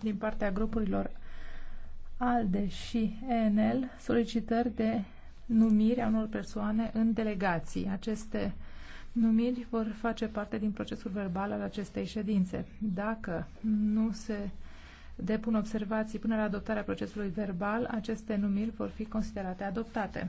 din partea grupurilor ALDE și ENL solicitări de numiri a unor persoane în delegații. Aceste numiri vor face parte din procesul verbal al acestei ședințe. Dacă nu se depun observații până la adoptarea procesului verbal, aceste numiri vor fi considerate adoptate.